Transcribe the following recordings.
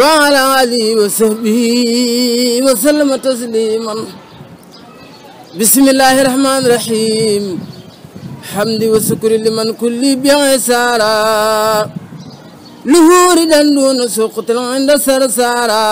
وعلى آله وصحبه وسلم تسليما بسم الله الرحمن الرحيم حمد وشكر لمن كل بعسارا لهور دون سقط عند سرسارا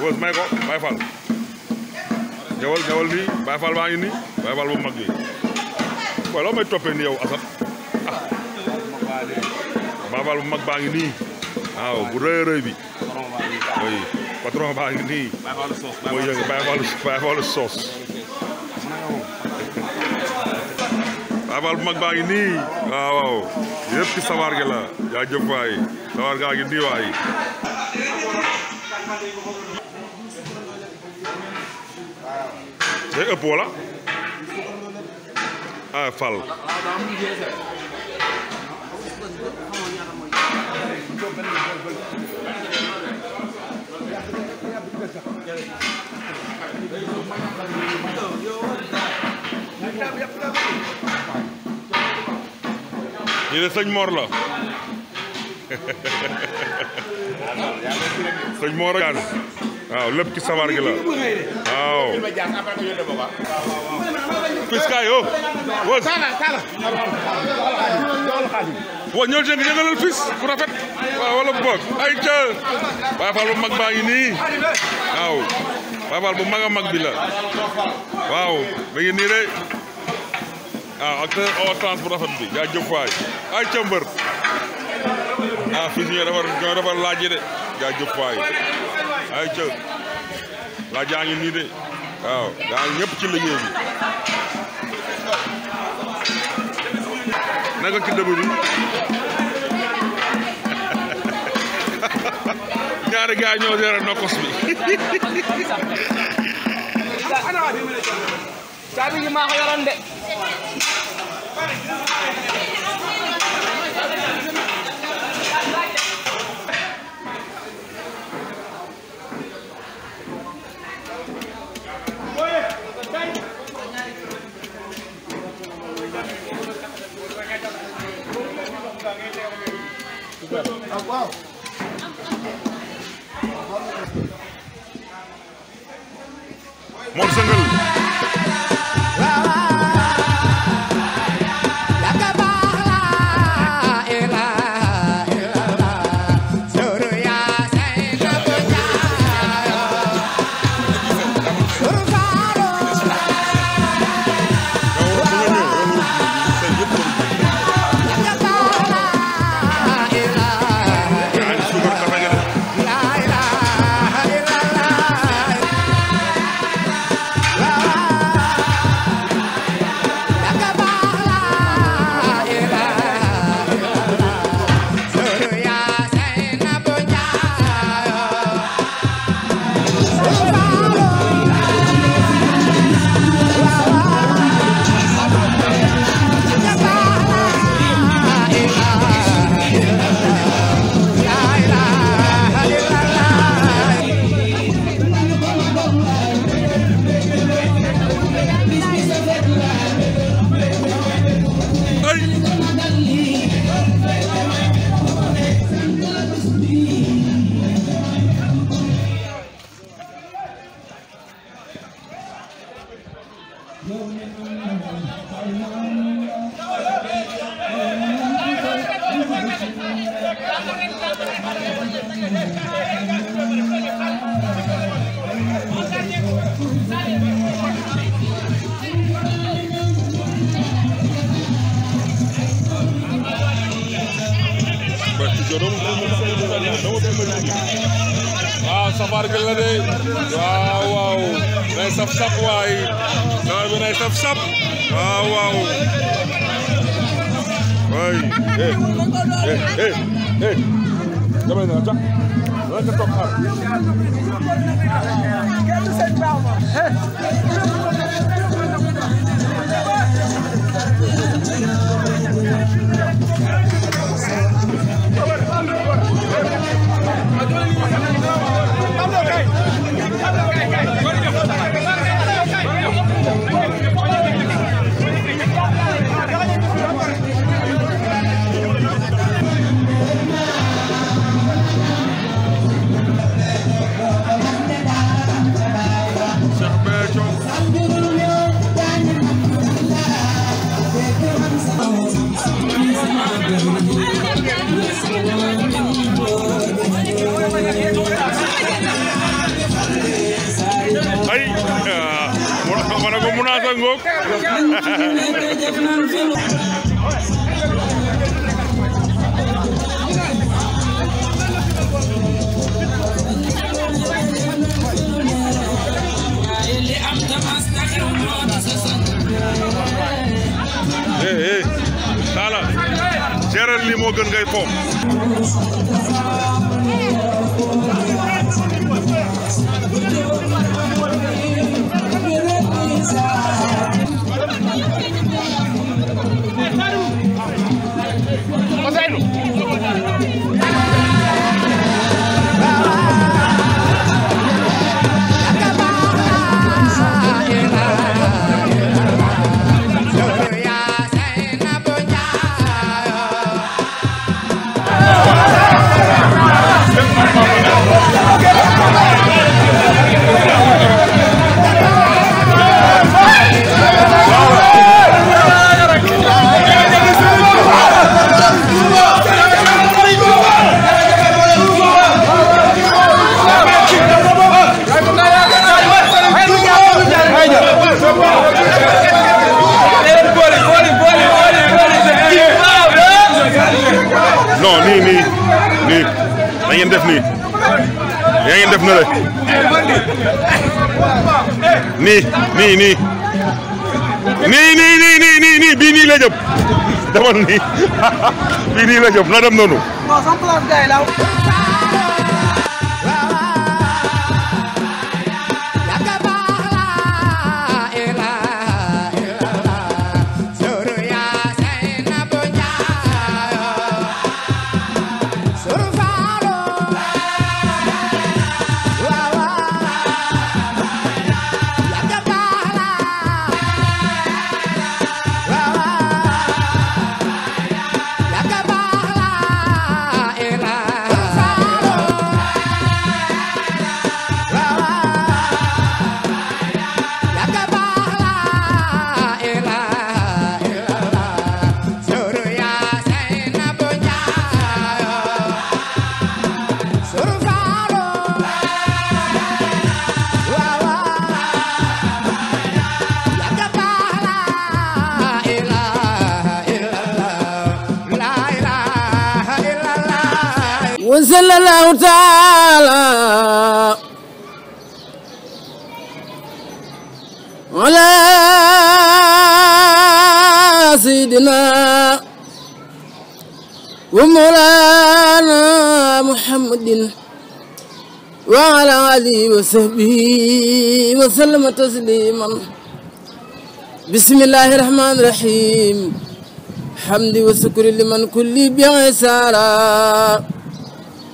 góos may ko Baye Fall ñëwal ñëwal nii Baye Fall baa ngi nii bu mag bi waaye ni yow Assane ah. bu mag baa ngi nii waaw bu rëy rëy bi patron baa ngi nii mooy yëngu Baye Fall mag baa ngi nii waaw waaw yëpp ci sabar la yaa jëf waay sabar gaa ngi nii waay day ëpp wala ah Fall. lii de sëñ Mor la sëñ Mor Gane waaw lépp ci sabar gi la waaw piskaay yo wës wa ñoo jëng yëngalal fis ku rafet waaw wala boog ay ca Baay Faal bu mag baa ngi nii waaw Baay Faal bu mag mag bi la waaw ba ngi nii de ah ak ootance bu rafet bi yaa jëf waay ay ca mbër ah fis laaj yi de yaa jëf waay ay ca la jaa nii de waaw gaa ñëpp ci liggéey bi naka ki dëbb bi ñaari gaa ñoo yore nokkos bi caabi maa ko de moom sëngal But you don't know what I'm saying. safar gi la de waaw waaw nay saf sap waay naar bi nay saf sap waaw waaw waay eh eh eh, eh. damay na tax la ka topp xaar Talla jaral li moo gën ngay foom non nii nii nii da ngeen def nii da ngeen def na la nii nii nii nii nii nii nii nii nii bii nii la jëm demal nii bii nii la jëm na dem noonu. وصلى الله تعالى على سيدنا ومولانا محمد وعلى آله وصحبه وسلم تسليما بسم الله الرحمن الرحيم حمد وشكر لمن كل بعسارة